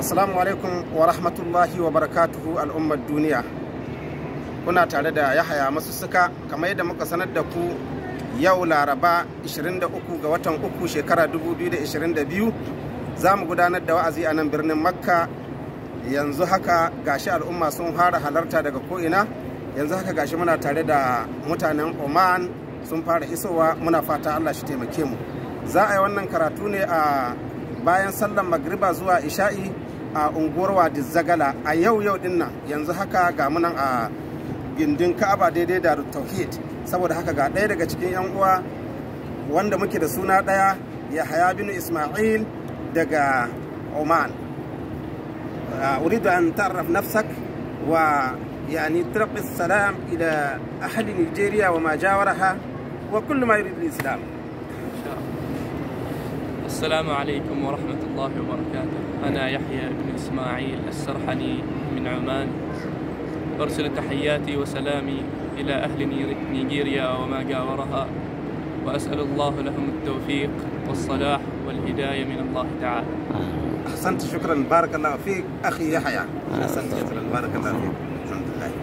Assalamu alaikum wa rahmatullahi wa barakatuhu al'ummar duniya. Kuna tare da Yahaya suka kamar yadda muka sanar da ku yau Laraba 23 ga watan uku shekara 2022 za mu gudanar da wa'azi a nan birnin Makka yanzu haka gashi al'umma sun fara halarta daga ko'ina yanzu haka gashi muna tare da mutanen Oman sun fara isowa muna fata Allah shi taimake mu. Za a yi wannan karatu ne a bayan sallan magriba zuwa isha'i a unguwar wadi zagala a yau yau din yanzu haka ga munan a gindin ka'aba daidai da tauhid saboda haka ga ɗaya daga cikin yan uwa wanda muke da suna ɗaya ya haya bin ismail daga oman uridu an ta'arraf nafsak wa يعني ترقي السلام إلى أهل نيجيريا وما جاورها وكل ما يريد islam. السلام عليكم ورحمة الله وبركاته أنا يحيى بن إسماعيل السرحني من عمان أرسل تحياتي وسلامي إلى أهل نيجيريا وما جاورها وأسأل الله لهم التوفيق والصلاح والهداية من الله تعالى أحسنت شكرا بارك الله فيك أخي يحيى أحسنت شكرا بارك الله فيك الحمد لله